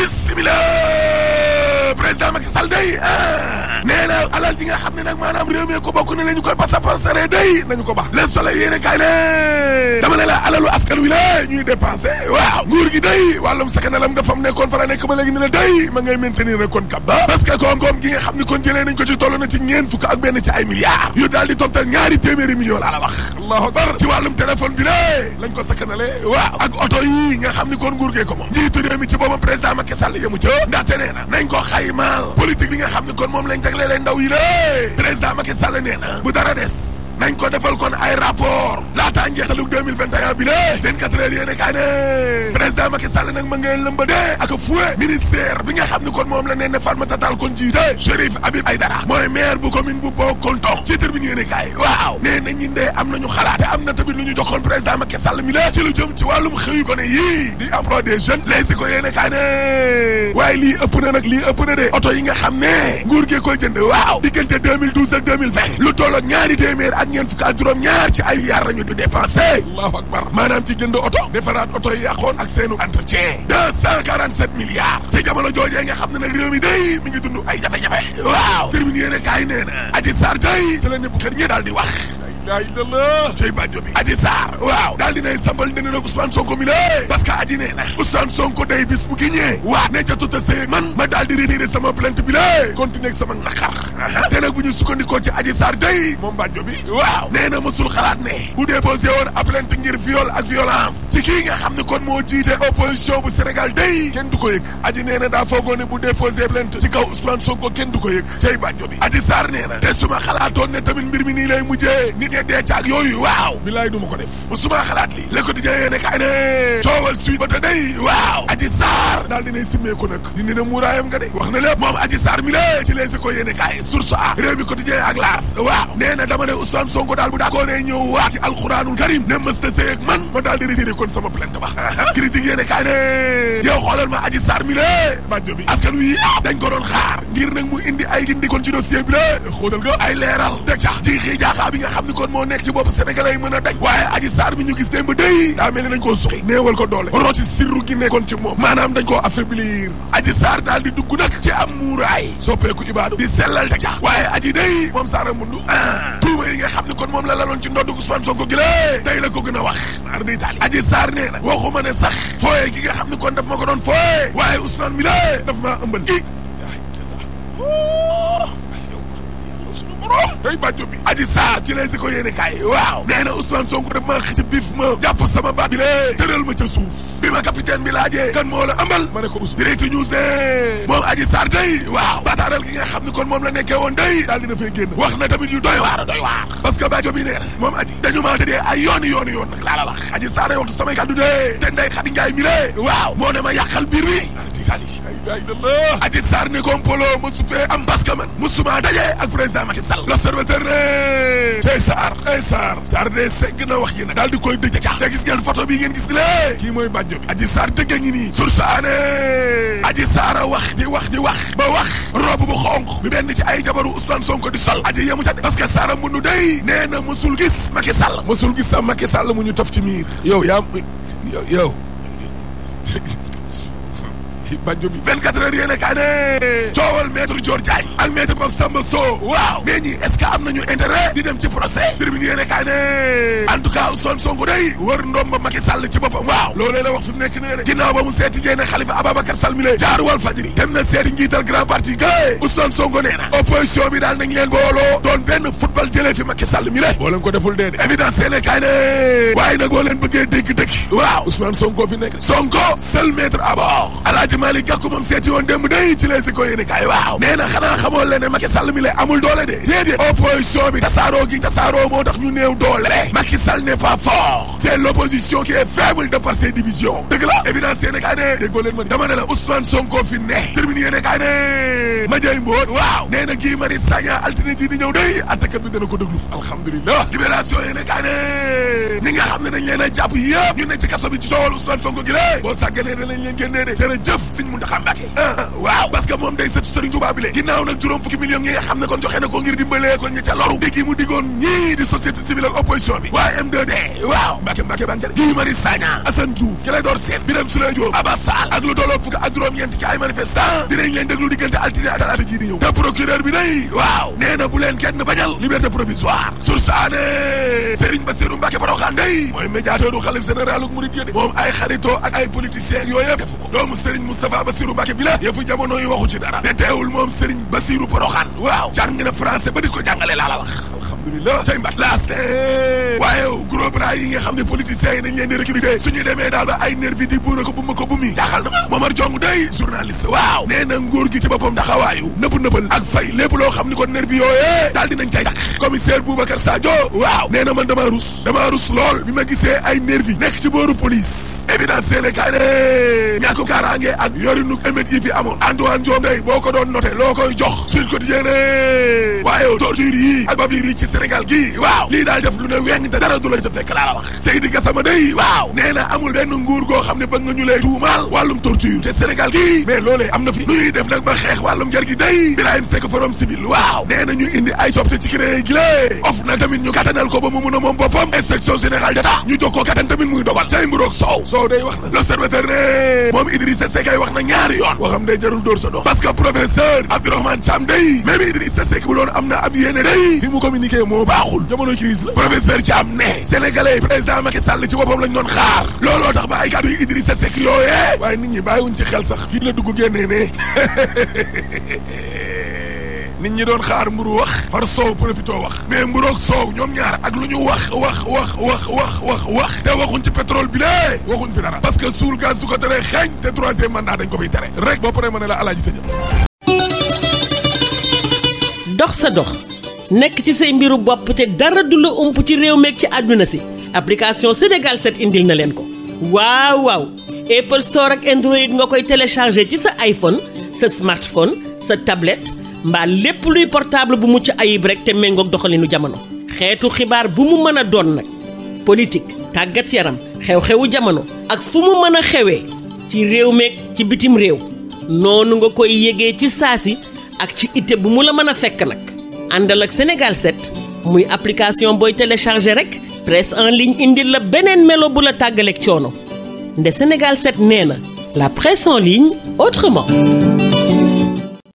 bismillah président Macky Sall day ah, daal alal ji nga xam ne nag maanaam réew mi ko bokk ne nañu koy pasa pasare day nañu ko baax le soleil yéene kaay ne dama ne la alalu askan wi la ñuy dépensé waaw nguur gi day wàllum sakanalam nga fam nekkoon fa la nekk ba léegi ne la day ma ngay maintenir rek kon kab ba parce que koom-koom gi nga xam ne kon jëlee nañ ko ci toll na ci ñeen fukk ak benn ci ay milliards yu daal di toftal ñaari téeméeri millions la la wax oto yi nga xam ndaw yi lé président Macky Sall nee na bu dara des nañ ko defal kon ay rapport laataa njeextalug 2021 bi lée 24 heures yéene kaa ne président Macky Sall nag ma ngay lëmba dee ak fuwe ministère bi nga xam ne kon moom la nee ne ma Tall kon jiite Chérif Habib Aïdara mooy maire bu commune bu Bokontong ci tribune yéene kaay waaw nee na ñun dee am nañu xalaat te am na tamit lu ñu joxoon président Macky Sall mi la ci lu jëm ci wàllum xëyu ko ne yii di emploi des jeunes ko yéene kaa oto yi nga xam ne nguur gee koy jënd waaw diggante 2012 ak 2020 ñaari téeméer ak ak fukk ak juróom ñaar ci ay milliards lañu di dépensé allahu akbar maanaam ci jënd oto defaraat oto yi ak seenu entretien deux cent quarante sept milliards ci joojee nga xam ne nag réew mi day mi ngi dund ay jafe-jafe waaw terminé yéene kaay nee na aji ci la ñëpp kër daal di wax ilaha illallah cey bàjjo bi aji saar waaw daal dinay sambal ne ne nag Ousmane Sonko mi lé parce que aji nee na Ousmane Sonko day bis bu ki ne jotut a sëy man ma daal di retiré sama plainte bi lé continuer sama naqar te nag bu ñu sukkandikoo ci aji saar day moom bàjjo bi waaw nee na mësul xalaat ne bu dee déposé woon a plainte ngir viol ak violence te kii nga xam ne kon moo jiite opposition bu Sénégal day kenn du ko aji nee na daa bu déposé plainte ci kaw Ousmane Sonko kenn du ko cay bàjjo bi aji Sarr nee na te su xalaatoon ne tamit mbir mi nii lay mujjee nit dee caag yooyu waaw bilaay du ma ko def bu su ma xalaat li le quotidien yee ne kaay ne coowal suite ba te day waaw aji Sarr daal dinay simmee ko nag dindi na muuraayam nga de wax na lépp moom aji Sarr mi lée ci les écoles yéene kaay source a réew mi quotidien ak laas waaw nee na woon sama plainte wax critique yéene kaay ne yow xoolal ma aji saar mi la bàjjo bi askan wi dañ ko doon xaar ngir nag mu indi ay gindi kon ci dossier bi la xóotal nga ay leeral deg sax jiixii jaaxaa bi nga xam ni koon moo nekk ci bopp sénégalais yi mën a daj waaye aji saar mi ñu gis démb day daa mel ni dañ koo suxi néewal ko doole rooti sirru gi nekkoon ci moom maanaam dañ koo affaiblir aji saar daal di dugg nag ci am muuraay soppeeku ibaadu di sellal deg sax waaye aji day moom saara mundu ah. tuuma nga xam ni kon moom la laloon ci ndoddu Ousmane Sonko gi la ko gën a wax naar day taali Sarr nee na waxuma ne sax fooye gi nga xam ne kon daf ma ko doon fooye waaye Ousmane mi la daf maa ëmbal tey bàjjo bi aji saar ci les écoles yéene kaay waaw nee na Ousmane Sonko def maa xëcc biif ma jàpp sama baat bi lee tëral ma ca suuf bi ma capitaine bi laajee kan moo la ambal ma ne ko Ousmane direct news ne moom aji saar day waaw bataaral gi nga xam ne kon moom la nekkee woon day daal dina fay génn wax na tamit yu doy waar doy waar parce que nee moom aji dañu maa tëddee ay yooni yooni yoon nag laa wax aji saar day waxtu samay ma yàqal fee am parce que man mosuma dajee ak président Macky Sall l'observateur ne tey Sarr tey Sarr Sarr de segg na wax yi nag daal di koy dëj cax te gis ngeen foto bi ngeen gis ni kii mooy bàjjo bi aji Sarr dëgg a ngi nii sur saane aji Sarr a wax di wax di wax ba wax rob bu xonq bi benn ci ay jabaru Ousmane Sonko di sol aji yemu ca de parce que Sarr mbundu day nee na mësul gis Macky Sall mësul gis sa Macky Sall mu ñu tof ci miir yow yaa yo banjo bi 24 heures yéen a coowal maître Dior Diagne ak maître Pape Samba Sow waaw mais ñi est-ce que am nañu intérêt di dem ci procès tribune yéen a kaa ne Sonko day wër ndomba Macky Sall ci boppam waaw loolee la wax fi nekk nii de ginnaaw ba mu seeti ngeen ne Khalifa Ababacar Sall mi jaar wal fajiri dem na seeti njiital grand parti ga Ousmane Sonko nee na opposition bi daal nañ leen booloo doon benn football jëlee fi Macky Sall mi lay ko de Malick Gakou moom seeti woon démb day ci les si ko yéene kaay waaw nee na xanaa xamoo leen ne mi lay amul doole de déedéet opposition bi tasaaroo gi tasaaroo moo tax ñu néew doole Macky Sall n'est pas fort c'est l'opposition qui est faible de par ses divisions dëgg la évidence yéene kaay ne déggoo leen ma dama ne la Ousmane Sonko fi ne terminé yéene kaay ne Madiaye Mbodj waaw nee na Guy Marius Sagna altine di ñëw day attaque bi dana ko déglu alhamdulilah libération a Sëriñ Muntaxa Mbàkke waaw parce que moom day sëtu Sëriñ Tuubaa bi le ginnaaw nag juróom fukki millions yi xam ne kon joxe na ko ngir dimbalee ko ñi ca loru diggi mu digoon ñii di société civile ak opposition bi M2D waaw Mbàkke Mbàkke ban ca Guy Marius Sagna Assane Diouf Clédor Sène Birame Souleye Diop Abass Fall ak lu tolloog fukk ak juróom ci ay manifestant dinañ leen déglu diggante altine ak talaata jii di ñëw te procureur bi day waaw nee na bu leen bañal liberté Moustapha Bassirou Mbacké bi la yëfu jamono yi waxu ci dara te teewul moom Serigne Bassirou Poroxaan waaw jàng na français ba di ko jàngale laa la wax alhamdulilah cay mbat laast waaye gros bras yi nga xam ne politiciens yi dañ leen di su suñu demee daal ba ay nervi di buur ko bu ma ko bu mi jaaxal na ma Momar Jong day journaliste waaw nee na nguur gi ci boppam taxawaayu nëpp nëppal ak fay lépp loo xam ni ko nervi yooyee daal dinañ cay dakk commissaire Boubacar Sadio na man dama rus dama rus lool bi ma gisee ay nervi nekk ci booru police évidence yéene kaay ne ñàkku kaaraange ak yorinu émeutes yi fi amoon Antoine Diome day boo ko doon noté loo koy jox Sud Quotidien ne waaye torture yi ak babir yi ci Sénégal gi waaw lii daal def lu ne weng te dara du la jëf fekk laa la wax Seydi Gassama waaw nee amul benn nguur goo xam ne bëgg nga ñu lay tuumaal wàllum torture te Sénégal gi mais loolee am na fi nuy def nag ba xeex wàllum jar gi day Birahim Seck forum civil waaw nee na ñu indi ay copte ci CREA gi lée of nag tamit ñu kattanal ko ba mu mun a moom ko kattan tamit muy dogal cay mburoog Sow day wax na l'observateur ne moom wax na ñaari yoon waxam day jarul dóor sa doom parce que professeur Abdourahmane Thiam day même Idrissa Seck bu doon am na ab yéene day fi mu communiqué moo baaxul jamono crise la professeur Thiam ne sénégalais président Macky Sall ci boppam lañ doon xaar looloo tax ba ay kàddu yu Idrissa Seck yooyee waaye nit ñi bàyyiwuñ ci xel sax fii la dugg génnee ne nit ñi doon xaar mburu wax far soow profité wax mais mburoog soow ñoom ñaar ak lu ñu wax wax wax wax wax wax wax te waxuñ ci pétrole bi lée waxuñ fi dara parce que suul gaz du ko tere xeeñ te troisième mandat dañ ko fiy tere rek boo paree ma ne la alaaji tëjël dox sa dox nekk ci say mbiru bopp te dara du la ump ci réew meeg ci àdduna si application Sénégal set indil na leen ko waaw waaw Apple Store ak Android nga koy télécharger ci sa iPhone sa smartphone sa tablette mbaa lépp luy portable bu mucc ayib rek te méngoog doxalinu jamono xeetu xibaar bu mu mën a doon nag politique tàggat yaram xew-xewu jamono ak fu mu mën a xewee ci réew meeg ci bitim réew noonu nga koy yégee ci saasi ak ci ite bu mu la mën a fekk nag àndal ak Sénégal set muy application booy téléchargé rek presse en ligne indil la beneen melo bu la tàggaleek coono nde Sénégal 7 nee na la presse en ligne autrement